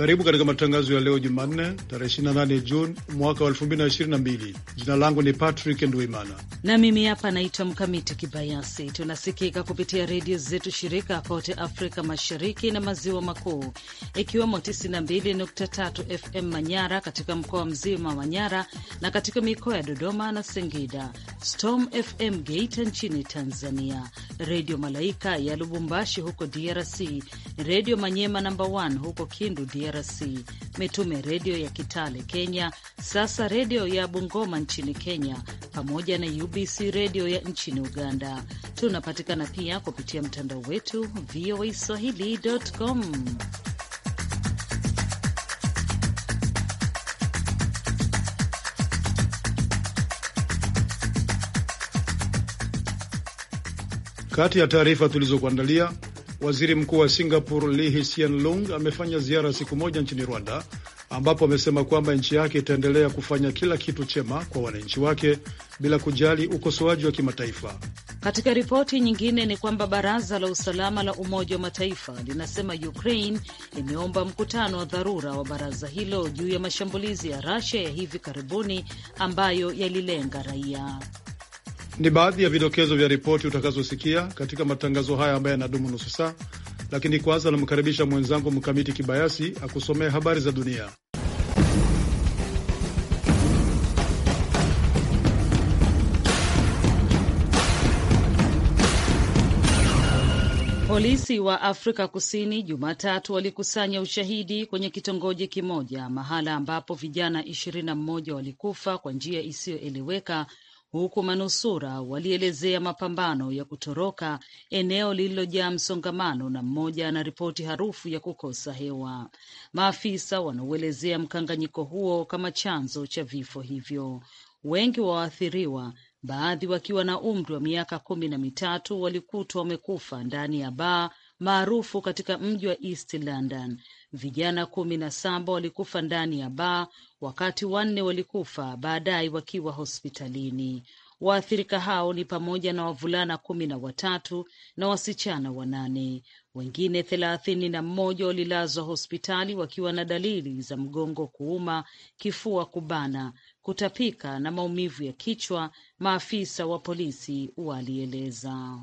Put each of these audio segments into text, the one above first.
Karibu katika matangazo ya leo Jumanne, tarehe 28 Juni mwaka wa 2022. Jina langu ni Patrick Ndwimana na mimi hapa naitwa Mkamiti Kibayasi. Tunasikika kupitia redio zetu shirika kote Afrika Mashariki na Maziwa Makuu, ikiwemo 92.3 FM Manyara katika mkoa mzima wa Nyara na katika mikoa ya Dodoma na Singida, Storm FM Geita nchini Tanzania, Redio Malaika ya Lubumbashi huko DRC, Redio Manyema namba 1 huko Kindu DRC, DRC, Mitume Redio ya Kitale Kenya, Sasa Redio ya Bungoma nchini Kenya, pamoja na UBC Redio ya nchini Uganda. Tunapatikana pia kupitia mtandao wetu VOA Swahili.com. Kati ya taarifa tulizokuandalia Waziri mkuu wa Singapore Lee Hsien Loong amefanya ziara siku moja nchini Rwanda, ambapo amesema kwamba nchi yake itaendelea kufanya kila kitu chema kwa wananchi wake bila kujali ukosoaji wa kimataifa. Katika ripoti nyingine ni kwamba baraza la usalama la Umoja wa Mataifa linasema Ukraine imeomba mkutano wa dharura wa baraza hilo juu ya mashambulizi ya Russia ya hivi karibuni ambayo yalilenga raia. Ni baadhi ya vidokezo vya ripoti utakazosikia katika matangazo haya ambayo yanadumu nusu saa, lakini kwanza anamkaribisha mwenzangu Mkamiti Kibayasi akusomee habari za dunia. Polisi wa Afrika Kusini Jumatatu walikusanya ushahidi kwenye kitongoji kimoja, mahala ambapo vijana ishirini na mmoja walikufa kwa njia isiyoeleweka huku manusura walielezea mapambano ya kutoroka eneo lililojaa msongamano na mmoja anaripoti harufu ya kukosa hewa. Maafisa wanauelezea mkanganyiko huo kama chanzo cha vifo hivyo. Wengi wa waathiriwa, baadhi wakiwa na umri wa miaka kumi na mitatu, walikutwa wamekufa ndani ya baa maarufu katika mji wa East London Vijana kumi na saba walikufa ndani ya baa, wakati wanne walikufa baadaye wakiwa hospitalini. Waathirika hao ni pamoja na wavulana kumi na watatu na wasichana wanane. Wengine thelathini na mmoja walilazwa hospitali wakiwa na dalili za mgongo kuuma, kifua kubana, kutapika na maumivu ya kichwa, maafisa wa polisi walieleza.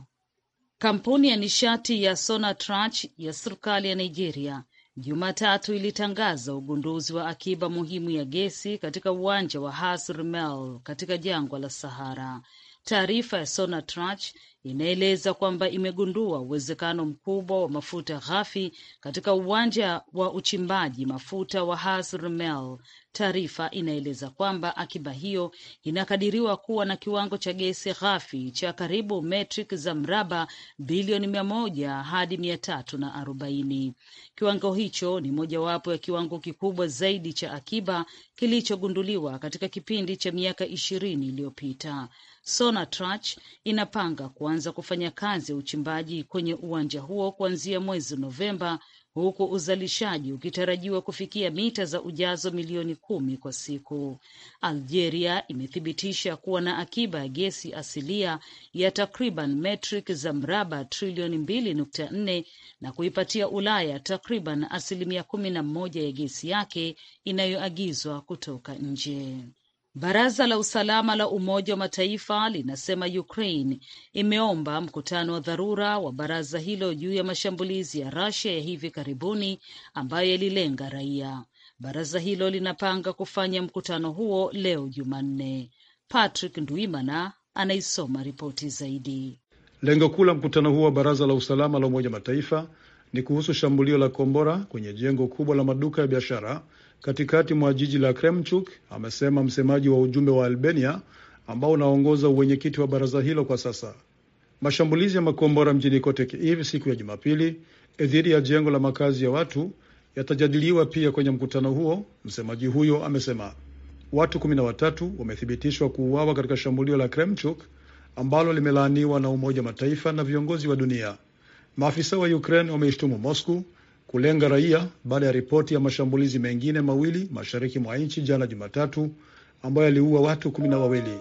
Kampuni ya nishati ya Sonatrach ya serikali ya Nigeria Jumatatu ilitangaza ugunduzi wa akiba muhimu ya gesi katika uwanja wa hasrmel katika jangwa la Sahara. Taarifa ya Sonatrach inaeleza kwamba imegundua uwezekano mkubwa wa mafuta ghafi katika uwanja wa uchimbaji mafuta wa Hassi Taarifa inaeleza kwamba akiba hiyo inakadiriwa kuwa na kiwango cha gesi ghafi cha karibu metric za mraba bilioni mia moja hadi mia tatu na arobaini. Kiwango hicho ni mojawapo ya kiwango kikubwa zaidi cha akiba kilichogunduliwa katika kipindi cha miaka ishirini iliyopita. Sonatrach inapanga kuanza kuanza kufanya kazi ya uchimbaji kwenye uwanja huo kuanzia mwezi Novemba, huku uzalishaji ukitarajiwa kufikia mita za ujazo milioni kumi kwa siku. Algeria imethibitisha kuwa na akiba ya gesi asilia ya takriban metric za mraba trilioni mbili nukta nne na kuipatia Ulaya takriban asilimia kumi na moja ya gesi yake inayoagizwa kutoka nje. Baraza la usalama la Umoja wa Mataifa linasema Ukraine imeomba mkutano wa dharura wa baraza hilo juu ya mashambulizi ya Russia ya hivi karibuni ambayo yalilenga raia. Baraza hilo linapanga kufanya mkutano huo leo Jumanne. Patrick Ndwimana anaisoma ripoti zaidi. Lengo kuu la mkutano huo wa Baraza la Usalama la Umoja Mataifa ni kuhusu shambulio la kombora kwenye jengo kubwa la maduka ya biashara katikati mwa jiji la Kremchuk, amesema msemaji wa ujumbe wa Albania ambao unaongoza uwenyekiti wa baraza hilo kwa sasa. Mashambulizi ya makombora mjini kote Kiev siku ya Jumapili eh, dhidi ya jengo la makazi ya watu yatajadiliwa pia kwenye mkutano huo, msemaji huyo amesema. Watu kumi na watatu wamethibitishwa kuuawa katika shambulio la Kremchuk ambalo limelaaniwa na Umoja Mataifa na viongozi wa dunia. Maafisa wa Ukraine wameishtumu Moscow kulenga raia baada ya ripoti ya mashambulizi mengine mawili mashariki mwa nchi jana Jumatatu ambayo yaliua watu kumi na wawili.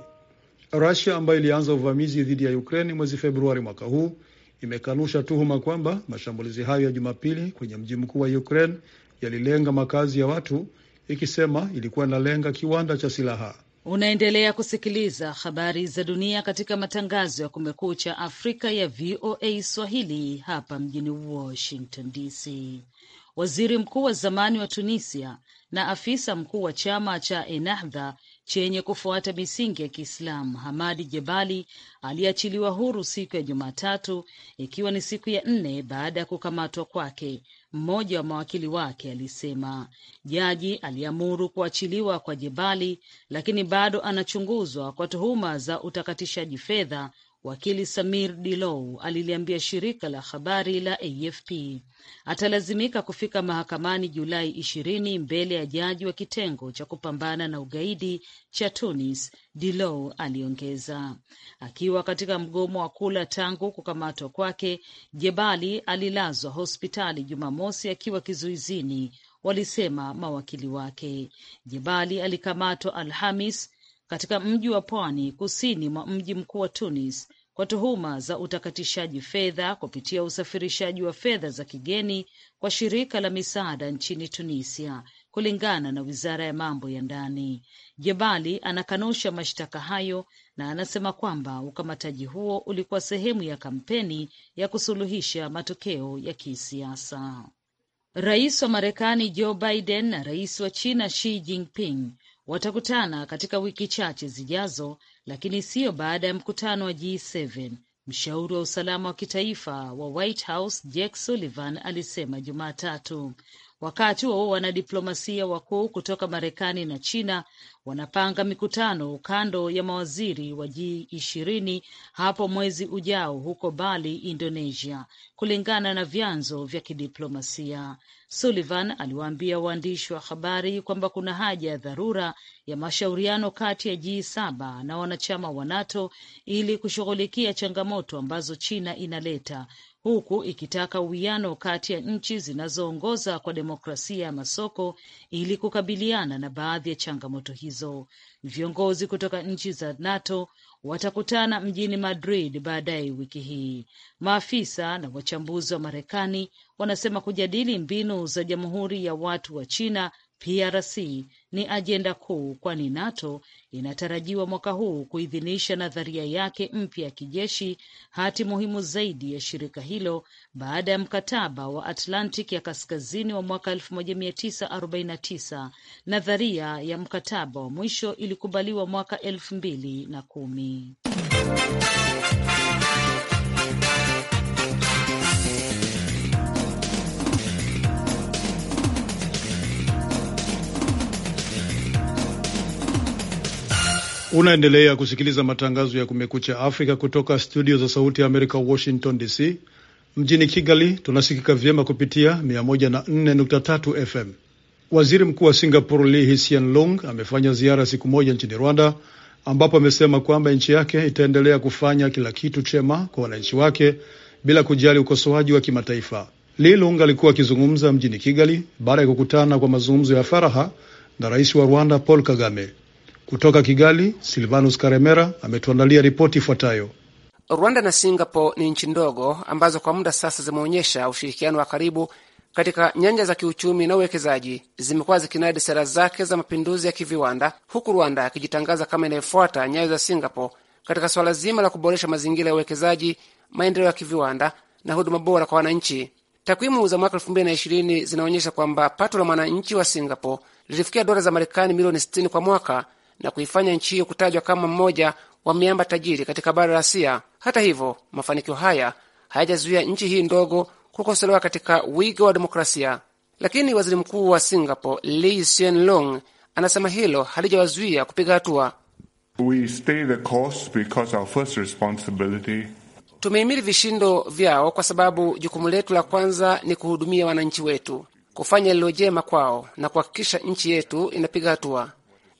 Rusia ambayo ilianza uvamizi dhidi ya Ukraini mwezi Februari mwaka huu imekanusha tuhuma kwamba mashambulizi hayo ya Jumapili kwenye mji mkuu wa Ukraine yalilenga makazi ya watu, ikisema ilikuwa inalenga kiwanda cha silaha. Unaendelea kusikiliza habari za dunia katika matangazo ya Kumekucha Afrika ya VOA Swahili hapa mjini Washington DC. Waziri mkuu wa zamani wa Tunisia na afisa mkuu wa chama cha Ennahdha chenye kufuata misingi ya Kiislamu Hamadi Jebali aliyeachiliwa huru siku ya Jumatatu, ikiwa ni siku ya nne baada ya kukamatwa kwake. Mmoja wa mawakili wake alisema jaji aliamuru kuachiliwa kwa Jebali, lakini bado anachunguzwa kwa tuhuma za utakatishaji fedha Wakili Samir Dilou aliliambia shirika la habari la AFP atalazimika kufika mahakamani Julai ishirini mbele ya jaji wa kitengo cha kupambana na ugaidi cha Tunis. Dilou aliongeza, akiwa katika mgomo wa kula tangu kukamatwa kwake. Jebali alilazwa hospitali Jumamosi akiwa kizuizini, walisema mawakili wake. Jebali alikamatwa Alhamis katika mji wa pwani kusini mwa mji mkuu wa Tunis kwa tuhuma za utakatishaji fedha kupitia usafirishaji wa fedha za kigeni kwa shirika la misaada nchini Tunisia, kulingana na wizara ya mambo ya ndani. Jebali anakanusha mashtaka hayo na anasema kwamba ukamataji huo ulikuwa sehemu ya kampeni ya kusuluhisha matokeo ya kisiasa. Rais wa Marekani Joe Biden na rais wa China Xi Jinping Watakutana katika wiki chache zijazo, lakini siyo baada ya mkutano wa G7, mshauri wa usalama wa kitaifa wa White House Jake Sullivan alisema Jumatatu, Wakati wa wanadiplomasia wakuu kutoka Marekani na China wanapanga mikutano kando ya mawaziri wa G ishirini hapo mwezi ujao huko Bali, Indonesia, kulingana na vyanzo vya kidiplomasia. Sullivan aliwaambia waandishi wa habari kwamba kuna haja ya dharura ya mashauriano kati ya G saba na wanachama wa NATO ili kushughulikia changamoto ambazo China inaleta huku ikitaka uwiano kati ya nchi zinazoongoza kwa demokrasia ya masoko ili kukabiliana na baadhi ya changamoto hizo. Viongozi kutoka nchi za NATO watakutana mjini Madrid baadaye wiki hii. Maafisa na wachambuzi wa Marekani wanasema kujadili mbinu za Jamhuri ya Watu wa China PRC ni ajenda kuu kwani NATO inatarajiwa mwaka huu kuidhinisha nadharia yake mpya ya kijeshi, hati muhimu zaidi ya shirika hilo baada ya mkataba wa Atlantic ya Kaskazini wa mwaka 1949. Nadharia ya mkataba wa mwisho ilikubaliwa mwaka elfu mbili na kumi. Unaendelea kusikiliza matangazo ya Kumekucha Afrika kutoka studio za Sauti ya Amerika, Washington DC. Mjini Kigali tunasikika vyema kupitia 104.3 FM. Waziri Mkuu wa Singapore Lee Hsien Loong amefanya ziara siku moja nchini Rwanda, ambapo amesema kwamba nchi yake itaendelea kufanya kila kitu chema kwa wananchi wake bila kujali ukosoaji wa kimataifa. Lee Loong alikuwa akizungumza mjini Kigali baada ya kukutana kwa mazungumzo ya faraha na rais wa Rwanda Paul Kagame. Kutoka Kigali, Silvanus Karemera ametuandalia ripoti ifuatayo. Rwanda na Singapore ni nchi ndogo ambazo kwa muda sasa zimeonyesha ushirikiano wa karibu katika nyanja za kiuchumi na uwekezaji. Zimekuwa zikinadi sera zake za mapinduzi ya kiviwanda, huku Rwanda akijitangaza kama inayofuata nyayo za Singapore katika suala zima la kuboresha mazingira ya uwekezaji, maendeleo ya kiviwanda na huduma bora kwa wananchi. Takwimu za mwaka 2020 zinaonyesha kwamba pato la mwananchi wa Singapore lilifikia dola za Marekani milioni 60 kwa mwaka na kuifanya nchi hiyo kutajwa kama mmoja wa miamba tajiri katika bara la Asia. Hata hivyo, mafanikio haya hayajazuia nchi hii ndogo kukosolewa katika wigo wa demokrasia, lakini waziri mkuu wa Singapore Lee Hsien Loong anasema hilo halijawazuia kupiga hatua. Tumehimili vishindo vyao kwa sababu jukumu letu la kwanza ni kuhudumia wananchi wetu, kufanya lililo kwao na kuhakikisha nchi yetu inapiga hatua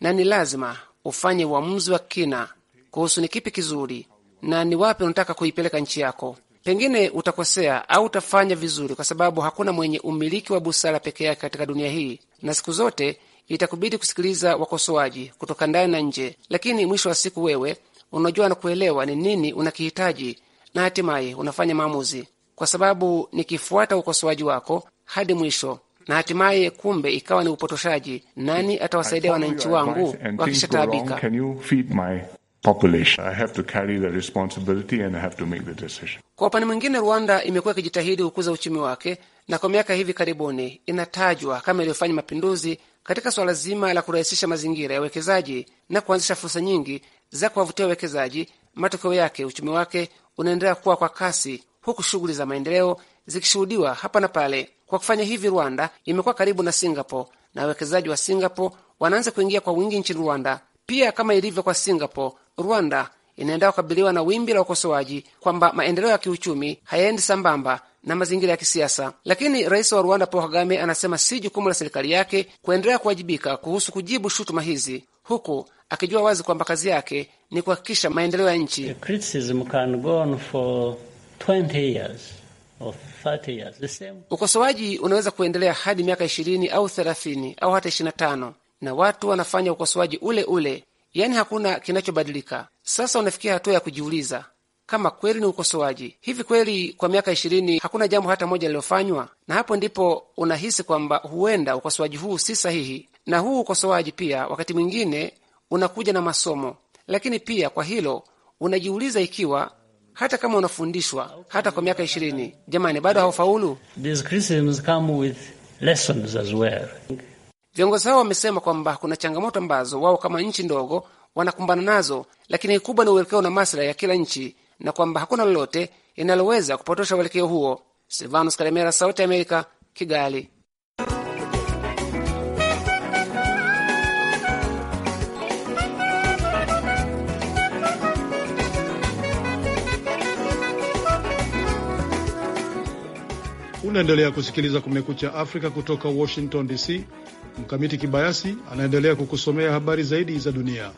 na ni lazima ufanye uamuzi wa kina kuhusu ni kipi kizuri na ni wapi unataka kuipeleka nchi yako. Pengine utakosea au utafanya vizuri, kwa sababu hakuna mwenye umiliki wa busara peke yake katika dunia hii, na siku zote itakubidi kusikiliza wakosoaji kutoka ndani na nje, lakini mwisho wa siku wewe unajua na kuelewa ni nini unakihitaji, na hatimaye unafanya maamuzi, kwa sababu nikifuata ukosoaji wako hadi mwisho na hatimaye kumbe ikawa ni upotoshaji. Nani atawasaidia wananchi wangu wakishataabika? Kwa upande mwingine, Rwanda imekuwa ikijitahidi kukuza uchumi wake na kwa miaka hivi karibuni inatajwa kama iliyofanya mapinduzi katika suala zima la kurahisisha mazingira ya uwekezaji na kuanzisha fursa nyingi za kuwavutia wawekezaji. Matokeo yake uchumi wake unaendelea kuwa kwa kasi, huku shughuli za maendeleo zikishuhudiwa hapa na pale. Kwa kufanya hivi, Rwanda imekuwa karibu na Singapore na wawekezaji wa Singapore wanaanza kuingia kwa wingi nchini Rwanda. Pia kama ilivyo kwa Singapore, Rwanda inaendelea kukabiliwa na wimbi la ukosoaji kwamba maendeleo ya kiuchumi hayaendi sambamba na mazingira ya kisiasa. Lakini rais wa Rwanda Paul Kagame anasema si jukumu la serikali yake kuendelea kuwajibika kuhusu kujibu shutuma hizi, huku akijua wazi kwamba kazi yake ni kuhakikisha maendeleo ya nchi. Ukosoaji unaweza kuendelea hadi miaka ishirini au thelathini au hata ishirini na tano na watu wanafanya ukosoaji ule ule, yani hakuna kinachobadilika. Sasa unafikia hatua ya kujiuliza kama kweli ni ukosoaji. Hivi kweli kwa miaka ishirini hakuna jambo hata moja lililofanywa? Na hapo ndipo unahisi kwamba huenda ukosoaji huu si sahihi. Na huu ukosoaji pia wakati mwingine unakuja na masomo, lakini pia kwa hilo unajiuliza ikiwa hata kama unafundishwa hata kwa miaka ishirini, jamani, bado haufaulu. viongozi hao wamesema kwamba kuna changamoto ambazo wao kama nchi ndogo wanakumbana nazo, lakini kubwa ni uelekeo na maslahi ya kila nchi na kwamba hakuna lolote linaloweza kupotosha uelekeo huo. Silvanus Karemera, Sauti ya Amerika, Kigali. Unaendelea kusikiliza Kumekucha Afrika kutoka Washington DC. Mkamiti Kibayasi anaendelea kukusomea habari zaidi za dunia.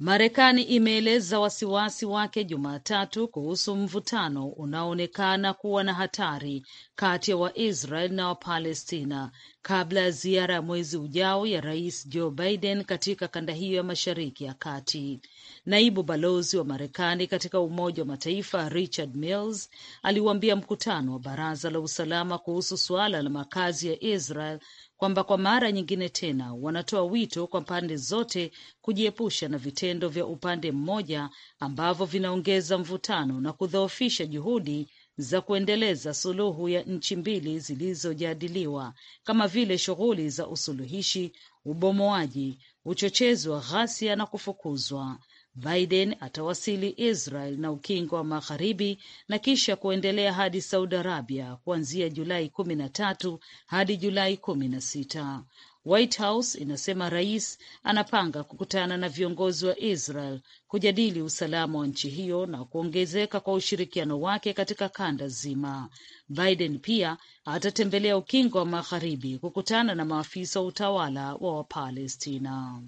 Marekani imeeleza wasiwasi wake Jumatatu kuhusu mvutano unaoonekana kuwa na hatari kati ya Waisrael na Wapalestina kabla ya ziara ya mwezi ujao ya Rais Joe Biden katika kanda hiyo ya Mashariki ya Kati. Naibu balozi wa Marekani katika Umoja wa Mataifa Richard Mills aliuambia mkutano wa Baraza la Usalama kuhusu suala la makazi ya Israel kwamba kwa mara nyingine tena wanatoa wito kwa pande zote kujiepusha na vitendo vya upande mmoja ambavyo vinaongeza mvutano na kudhoofisha juhudi za kuendeleza suluhu ya nchi mbili zilizojadiliwa kama vile shughuli za usuluhishi, ubomoaji, uchochezi wa ghasia na kufukuzwa. Biden atawasili Israel na Ukingo wa Magharibi na kisha kuendelea hadi Saudi Arabia kuanzia Julai kumi na tatu hadi Julai kumi na sita. White House inasema rais anapanga kukutana na viongozi wa Israel kujadili usalama wa nchi hiyo na kuongezeka kwa ushirikiano wake katika kanda zima. Biden pia atatembelea Ukingo wa Magharibi kukutana na maafisa wa utawala wa Wapalestina.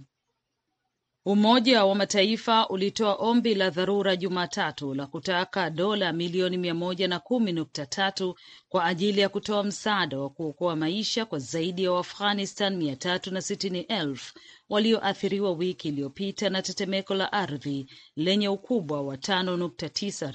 Umoja wa Mataifa ulitoa ombi la dharura Jumatatu la kutaka dola milioni mia moja na kumi nukta tatu kwa ajili ya kutoa msaada wa kuokoa maisha kwa zaidi ya Waafghanistan mia tatu na sitini elfu walioathiriwa wiki iliyopita na tetemeko la ardhi lenye ukubwa wa tano nukta tisa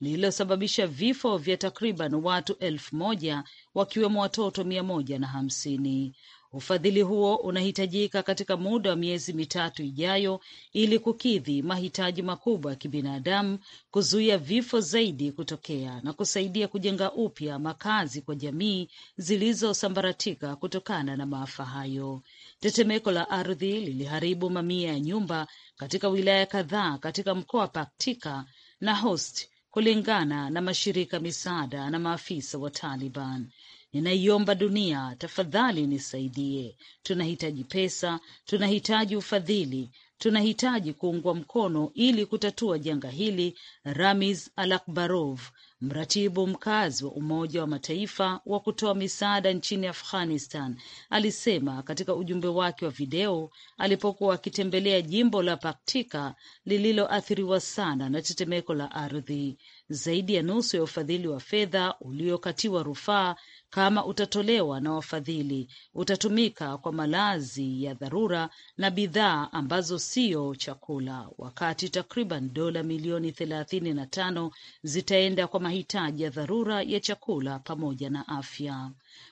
lililosababisha vifo vya takriban watu elfu moja wakiwemo watoto mia moja na hamsini. Ufadhili huo unahitajika katika muda wa miezi mitatu ijayo ili kukidhi mahitaji makubwa ya kibinadamu, kuzuia vifo zaidi kutokea na kusaidia kujenga upya makazi kwa jamii zilizosambaratika kutokana na maafa hayo. Tetemeko la ardhi liliharibu mamia ya nyumba katika wilaya kadhaa katika mkoa wa Paktika na Host kulingana na mashirika misaada na maafisa wa Taliban. Ninaiomba dunia, tafadhali nisaidie. Tunahitaji pesa, tunahitaji ufadhili, tunahitaji kuungwa mkono ili kutatua janga hili. Ramiz Alakbarov, mratibu mkazi wa Umoja wa Mataifa wa kutoa misaada nchini Afghanistan, alisema katika ujumbe wake wa video alipokuwa akitembelea jimbo la Paktika lililoathiriwa sana na tetemeko la ardhi. Zaidi ya nusu ya ufadhili wa fedha uliokatiwa rufaa kama utatolewa na wafadhili utatumika kwa malazi ya dharura na bidhaa ambazo siyo chakula, wakati takriban dola milioni thelathini na tano zitaenda kwa mahitaji ya dharura ya chakula pamoja na afya.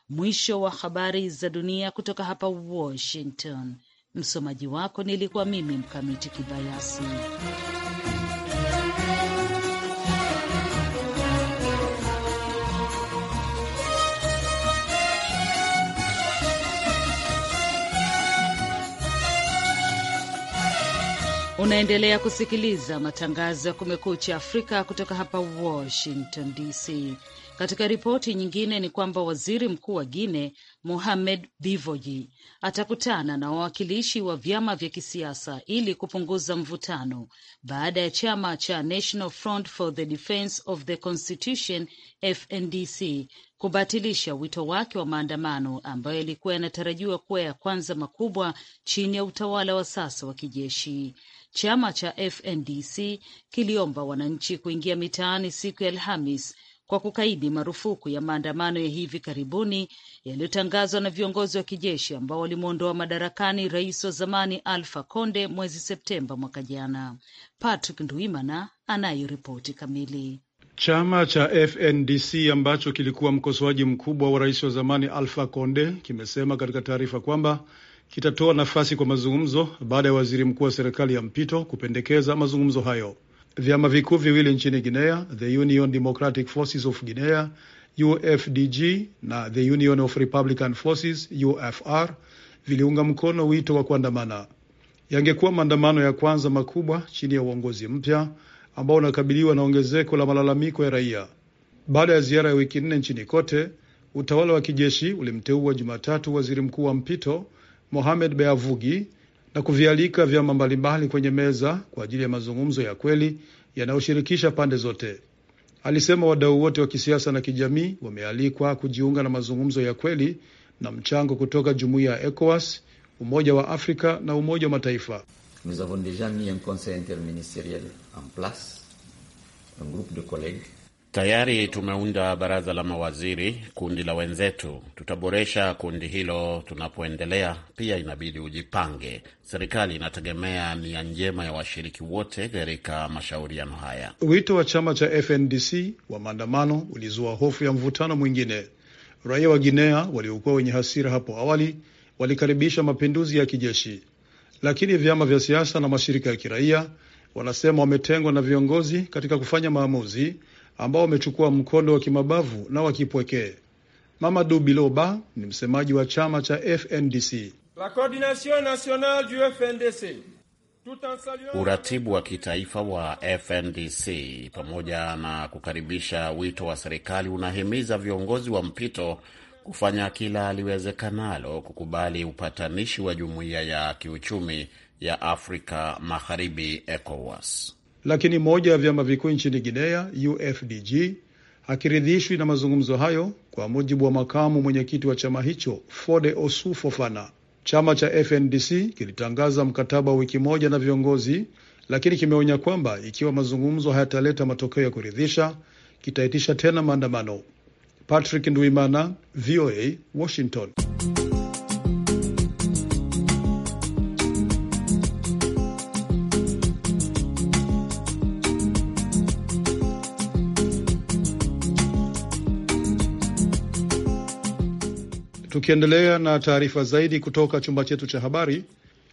Mwisho wa habari za dunia kutoka hapa Washington. Msomaji wako nilikuwa mimi Mkamiti Kibayasi. Unaendelea kusikiliza matangazo ya Kumekucha Afrika kutoka hapa Washington DC. Katika ripoti nyingine ni kwamba waziri mkuu wa Guine Mohamed Bivoji atakutana na wawakilishi wa vyama vya kisiasa ili kupunguza mvutano baada ya chama cha National Front for the Defence of the Constitution FNDC kubatilisha wito wake wa maandamano ambayo yalikuwa yanatarajiwa kuwa ya kwanza makubwa chini ya utawala wa sasa wa kijeshi. Chama cha FNDC kiliomba wananchi kuingia mitaani siku ya Alhamis kwa kukaidi marufuku ya maandamano ya hivi karibuni yaliyotangazwa na viongozi wa kijeshi ambao walimwondoa madarakani rais wa zamani alfa Conde mwezi Septemba mwaka jana. Patrick Ndwimana anayo ripoti kamili. Chama cha FNDC ambacho kilikuwa mkosoaji mkubwa wa rais wa zamani Alpha Conde kimesema katika taarifa kwamba kitatoa nafasi kwa mazungumzo baada ya waziri mkuu wa serikali ya mpito kupendekeza mazungumzo hayo. Vyama vikuu viwili nchini Guinea, the Union Democratic Forces of Guinea UFDG na the Union of Republican Forces UFR viliunga mkono wito wa kuandamana. Yangekuwa maandamano ya kwanza makubwa chini ya uongozi mpya ambao unakabiliwa na ongezeko la malalamiko ya raia. Baada ya ziara ya wiki nne nchini kote, utawala wa kijeshi ulimteua Jumatatu waziri mkuu wa mpito Mohamed Beavugi na kuvialika vyama mbalimbali kwenye meza kwa ajili ya mazungumzo ya kweli yanayoshirikisha pande zote. Alisema wadau wote wa kisiasa na kijamii wamealikwa kujiunga na mazungumzo ya kweli na mchango kutoka jumuiya ya ECOWAS, Umoja wa Afrika na Umoja wa Mataifa. Nous avons déjà mis un conseil interministériel en place, un groupe de collègues. Tayari tumeunda baraza la mawaziri, kundi la wenzetu. Tutaboresha kundi hilo tunapoendelea. Pia inabidi ujipange. Serikali inategemea nia njema ya washiriki wote katika mashauriano haya. Wito wa chama cha FNDC wa maandamano ulizua hofu ya mvutano mwingine. Raia wa Guinea waliokuwa wenye hasira hapo awali walikaribisha mapinduzi ya kijeshi lakini vyama vya siasa na mashirika ya kiraia wanasema wametengwa na viongozi katika kufanya maamuzi ambao wamechukua mkondo wa kimabavu na wa kipwekee. Mamadu Biloba ni msemaji wa chama cha FNDC. La Coordination Nationale du FNDC. Uratibu wa kitaifa wa FNDC pamoja na kukaribisha wito wa serikali unahimiza viongozi wa mpito kufanya kila aliwezekanalo kukubali upatanishi wa jumuiya ya kiuchumi ya Afrika Magharibi, ECOWAS. Lakini moja ya vyama vikuu nchini Guinea, UFDG, hakiridhishwi na mazungumzo hayo, kwa mujibu wa makamu mwenyekiti wa chama hicho Fode Osu Fofana. Chama cha FNDC kilitangaza mkataba wa wiki moja na viongozi, lakini kimeonya kwamba ikiwa mazungumzo hayataleta matokeo ya kuridhisha, kitaitisha tena maandamano. Patrick nduimana VOA, Washington. Tukiendelea na taarifa zaidi kutoka chumba chetu cha habari,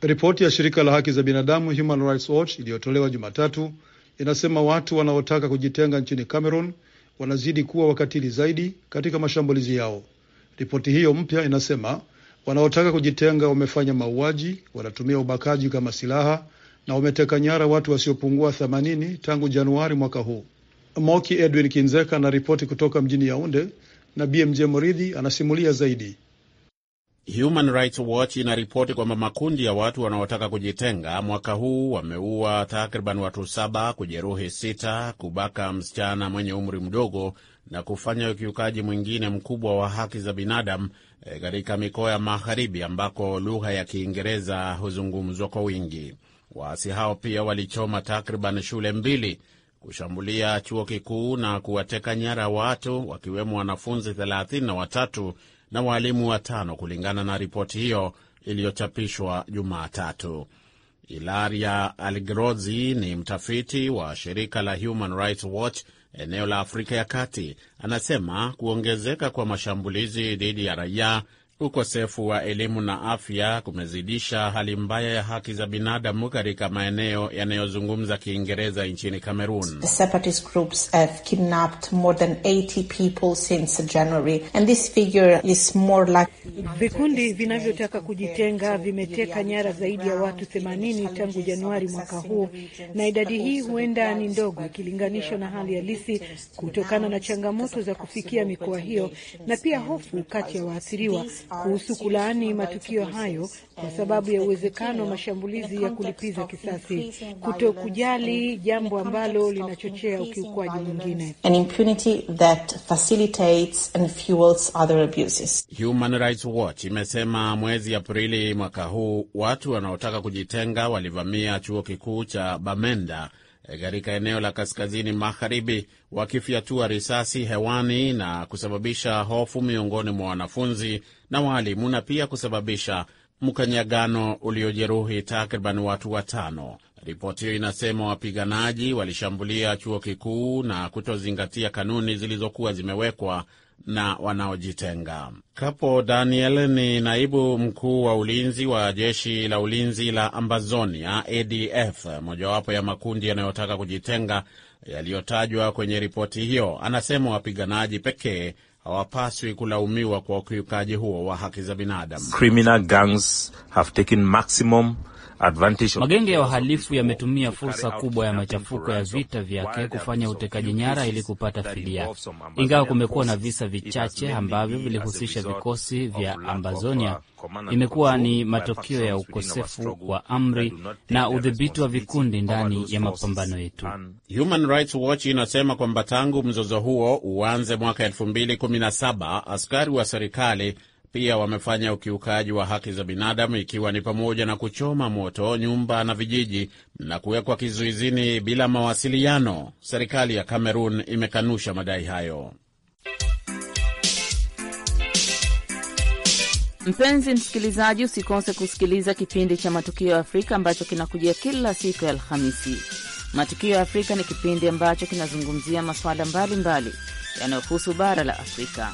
ripoti ya shirika la haki za binadamu Human Rights Watch iliyotolewa Jumatatu inasema watu wanaotaka kujitenga nchini Cameroon wanazidi kuwa wakatili zaidi katika mashambulizi yao. Ripoti hiyo mpya inasema wanaotaka kujitenga wamefanya mauaji, wanatumia ubakaji kama silaha na wameteka nyara watu wasiopungua 80 tangu Januari mwaka huu. Moki Edwin Kinzeka anaripoti kutoka mjini Yaunde na BMJ Moridhi anasimulia zaidi. Human Rights Watch inaripoti kwamba makundi ya watu wanaotaka kujitenga mwaka huu wameua takriban watu saba, kujeruhi sita, kubaka msichana mwenye umri mdogo na kufanya ukiukaji mwingine mkubwa wa haki za binadamu eh, katika e, mikoa ya magharibi ambako lugha ya Kiingereza huzungumzwa kwa wingi. Waasi hao pia walichoma takriban shule mbili, kushambulia chuo kikuu na kuwateka nyara watu wakiwemo wanafunzi thelathini na watatu na waalimu watano kulingana na ripoti hiyo iliyochapishwa Jumatatu. Ilaria Algrozi ni mtafiti wa shirika la Human Rights Watch eneo la Afrika ya Kati, anasema kuongezeka kwa mashambulizi dhidi ya raia Ukosefu wa elimu na afya kumezidisha hali mbaya ya haki za binadamu katika maeneo yanayozungumza Kiingereza nchini Cameroon. Vikundi vinavyotaka kujitenga vimeteka nyara zaidi ya watu 80 tangu Januari mwaka huu, na idadi hii huenda ni ndogo ikilinganishwa na hali halisi kutokana na changamoto za kufikia mikoa hiyo na pia hofu kati ya waathiriwa kuhusu kulaani matukio hayo eh, kwa sababu ya uwezekano wa mashambulizi ya kulipiza kisasi, kuto kujali jambo ambalo linachochea ukiukwaji mwingine. Human Rights Watch imesema mwezi Aprili mwaka huu watu wanaotaka kujitenga walivamia chuo kikuu cha Bamenda eh, katika eneo la kaskazini magharibi wakifyatua risasi hewani na kusababisha hofu miongoni mwa wanafunzi na waalimu na pia kusababisha mkanyagano uliojeruhi takriban watu watano. Ripoti hiyo inasema wapiganaji walishambulia chuo kikuu na kutozingatia kanuni zilizokuwa zimewekwa na wanaojitenga. Kapo Daniel ni naibu mkuu wa ulinzi wa jeshi la ulinzi la Ambazonia, ADF, mojawapo ya makundi yanayotaka kujitenga yaliyotajwa kwenye ripoti hiyo. Anasema wapiganaji pekee hawapaswi kulaumiwa kwa ukiukaji huo wa haki za binadamu. Criminal gangs have taken maximum Magenge ya wahalifu yametumia fursa kubwa ya machafuko ya vita vyake kufanya utekaji nyara ili kupata fidia. Ingawa kumekuwa na visa vichache ambavyo vilihusisha vikosi vya uh, Ambazonia, imekuwa ni matokeo ya ukosefu wa amri na udhibiti wa vikundi ndani ya mapambano yetu. Human Rights Watch inasema kwamba tangu mzozo huo uanze mwaka 2017 askari wa serikali pia wamefanya ukiukaji wa haki za binadamu ikiwa ni pamoja na kuchoma moto nyumba na vijiji na kuwekwa kizuizini bila mawasiliano. Serikali ya Kamerun imekanusha madai hayo. Mpenzi msikilizaji, usikose kusikiliza kipindi cha Matukio ya Afrika ambacho kinakujia kila siku ya Alhamisi. Matukio ya Afrika ni kipindi ambacho kinazungumzia masuala mbalimbali yanayohusu bara la Afrika.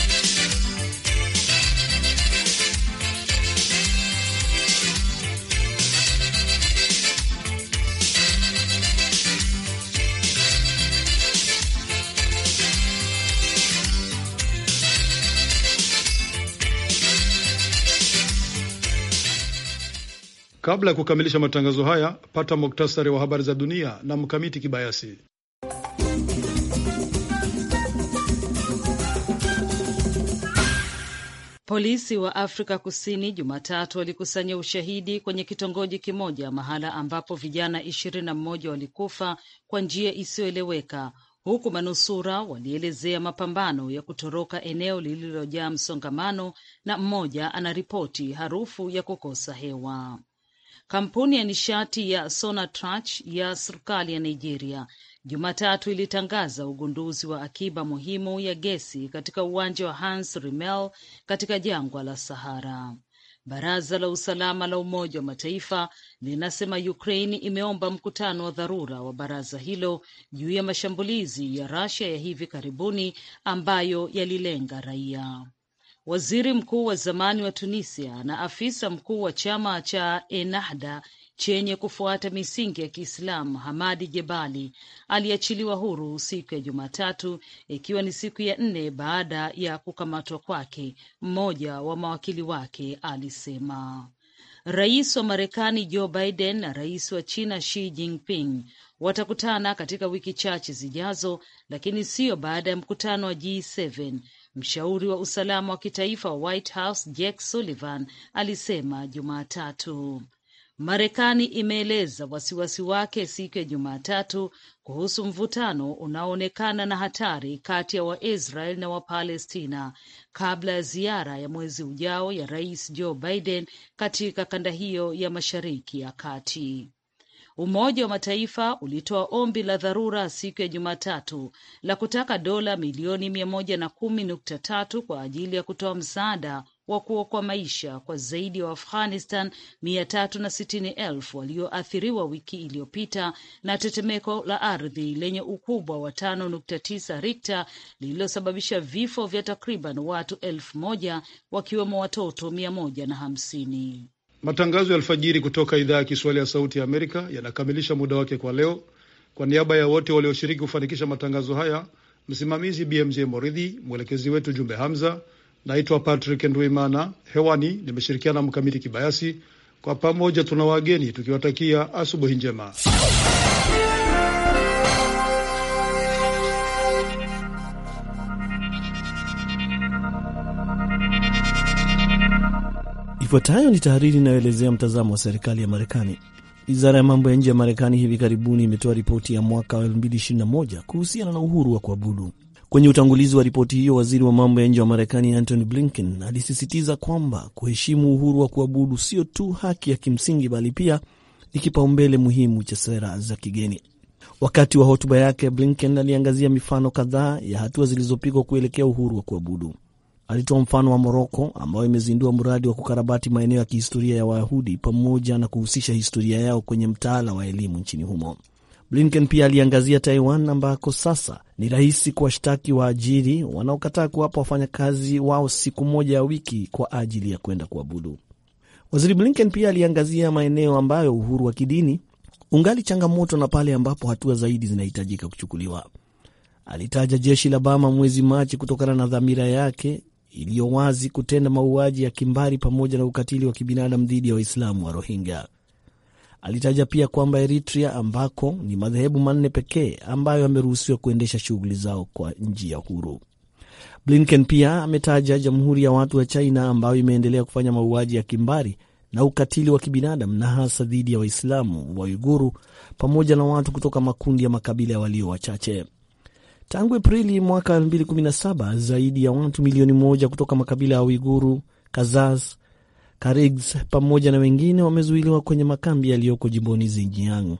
Kabla ya kukamilisha matangazo haya, pata muktasari wa habari za dunia na Mkamiti Kibayasi. Polisi wa Afrika Kusini Jumatatu walikusanya ushahidi kwenye kitongoji kimoja, mahala ambapo vijana ishirini na mmoja walikufa kwa njia isiyoeleweka, huku manusura walielezea mapambano ya kutoroka eneo lililojaa msongamano, na mmoja anaripoti harufu ya kukosa hewa. Kampuni ya nishati ya Sonatrach ya serikali ya Nigeria Jumatatu ilitangaza ugunduzi wa akiba muhimu ya gesi katika uwanja wa Hans Remel katika jangwa la Sahara. Baraza la usalama la Umoja wa Mataifa linasema ukrain imeomba mkutano wa dharura wa baraza hilo juu ya mashambulizi ya rasia ya hivi karibuni ambayo yalilenga raia waziri mkuu wa zamani wa Tunisia na afisa mkuu wa chama cha Ennahda chenye kufuata misingi ya Kiislamu Hamadi Jebali aliachiliwa huru siku ya Jumatatu, ikiwa ni siku ya nne baada ya kukamatwa kwake, mmoja wa mawakili wake alisema. Rais wa Marekani Joe Biden na rais wa China Xi Jinping watakutana katika wiki chache zijazo, lakini siyo baada ya mkutano wa G7 Mshauri wa usalama wa kitaifa wa White House Jake Sullivan alisema Jumatatu. Marekani imeeleza wasiwasi wake siku ya Jumatatu kuhusu mvutano unaoonekana na hatari kati ya Waisrael na Wapalestina kabla ya ziara ya mwezi ujao ya Rais Joe Biden katika kanda hiyo ya Mashariki ya Kati. Umoja wa Mataifa ulitoa ombi la dharura siku ya Jumatatu la kutaka dola milioni mia moja na kumi nukta tatu kwa ajili ya kutoa msaada wa kuokoa maisha kwa zaidi ya wa Waafghanistan mia tatu na sitini elfu walioathiriwa wiki iliyopita na tetemeko la ardhi lenye ukubwa wa tano nukta tisa rikta lililosababisha vifo vya takriban watu elfu moja wakiwemo watoto mia moja na hamsini. Matangazo ya alfajiri kutoka idhaa ya Kiswahili ya Sauti ya Amerika yanakamilisha muda wake kwa leo. Kwa niaba ya wote walioshiriki kufanikisha matangazo haya, msimamizi BMJ Moridhi, mwelekezi wetu Jumbe Hamza. Naitwa Patrick Ndwimana, hewani nimeshirikiana na Mkamiti Kibayasi. Kwa pamoja tuna wageni tukiwatakia asubuhi njema. Ifuatayo ni tahariri inayoelezea mtazamo wa serikali ya Marekani. Wizara ya mambo ya nje ya Marekani hivi karibuni imetoa ripoti ya mwaka wa 2021 kuhusiana na uhuru wa kuabudu. Kwenye utangulizi wa ripoti hiyo, waziri wa mambo ya nje wa Marekani Antony Blinken alisisitiza kwamba kuheshimu uhuru wa kuabudu sio tu haki ya kimsingi, bali pia ni kipaumbele muhimu cha sera za kigeni. Wakati wa hotuba yake, Blinken aliangazia mifano kadhaa ya hatua zilizopigwa kuelekea uhuru wa kuabudu. Alitoa mfano wa Moroko ambayo imezindua mradi wa kukarabati maeneo ya kihistoria ya Wayahudi pamoja na kuhusisha historia yao kwenye mtaala wa elimu nchini humo. Blinken pia aliangazia Taiwan ambako sasa ni rahisi kuwashtaki waajiri wanaokataa kuwapa wafanyakazi wao siku moja ya wiki kwa ajili ya kwenda kuabudu. Waziri Blinken pia aliangazia maeneo ambayo uhuru wa kidini ungali changamoto na pale ambapo hatua zaidi zinahitajika kuchukuliwa. Alitaja jeshi la Bama mwezi Machi kutokana na dhamira yake iliyo wazi kutenda mauaji ya kimbari pamoja na ukatili wa kibinadamu dhidi ya Waislamu wa Rohingya. Alitaja pia kwamba Eritrea, ambako ni madhehebu manne pekee ambayo yameruhusiwa kuendesha shughuli zao kwa njia huru. Blinken pia ametaja Jamhuri ya Watu wa China ambayo imeendelea kufanya mauaji ya kimbari na ukatili wa kibinadamu na hasa dhidi ya Waislamu wa Uiguru pamoja na watu kutoka makundi ya makabila ya walio wachache. Tangu Aprili mwaka 2017 zaidi ya watu milioni moja kutoka makabila ya Uiguru, Kazas, Karigs pamoja na wengine wamezuiliwa kwenye makambi yaliyoko jimboni Zinjiang.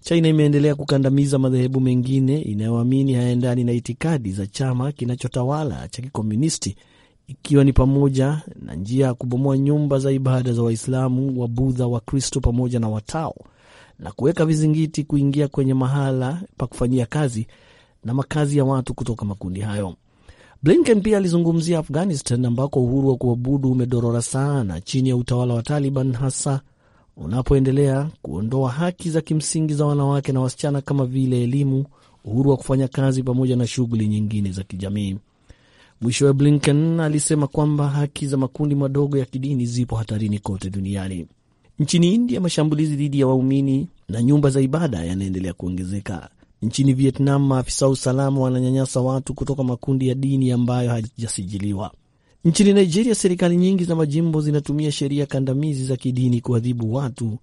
China imeendelea kukandamiza madhehebu mengine inayoamini hayaendani na itikadi za chama kinachotawala cha Kikomunisti, ikiwa ni pamoja na njia ya kubomoa nyumba za ibada za Waislamu, Wabudha, Wakristo pamoja na Watao na kuweka vizingiti kuingia kwenye mahala pa kufanyia kazi na makazi ya watu kutoka makundi hayo. Blinken pia alizungumzia Afghanistan ambako uhuru wa kuabudu umedorora sana chini ya utawala wa Taliban, hasa unapoendelea kuondoa haki za kimsingi za wanawake na wasichana kama vile elimu, uhuru wa kufanya kazi pamoja na shughuli nyingine za kijamii. Mwishowe, Blinken alisema kwamba haki za makundi madogo ya kidini zipo hatarini kote duniani. Nchini India, mashambulizi dhidi ya waumini na nyumba za ibada yanaendelea kuongezeka. Nchini Vietnam, maafisa wa usalama wananyanyasa watu kutoka makundi ya dini ambayo hajasijiliwa Nchini Nigeria, serikali nyingi za majimbo zinatumia sheria kandamizi za kidini kuadhibu watu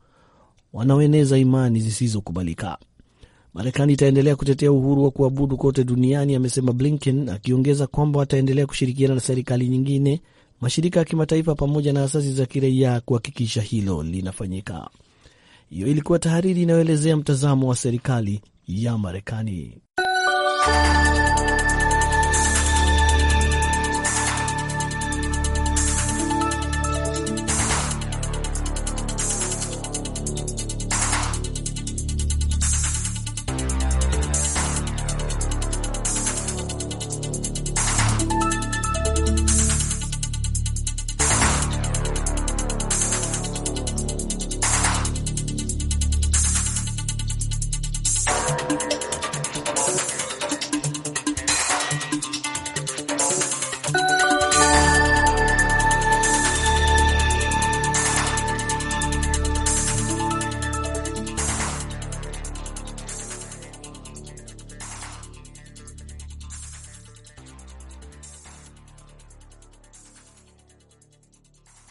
wanaoeneza imani zisizokubalika. Marekani itaendelea kutetea uhuru wa kuabudu kote duniani, amesema Blinken, akiongeza kwamba wataendelea kushirikiana na serikali nyingine, mashirika ya kimataifa pamoja na asasi za kiraia kuhakikisha hilo linafanyika. Hiyo ilikuwa tahariri inayoelezea mtazamo wa serikali ya Marekani.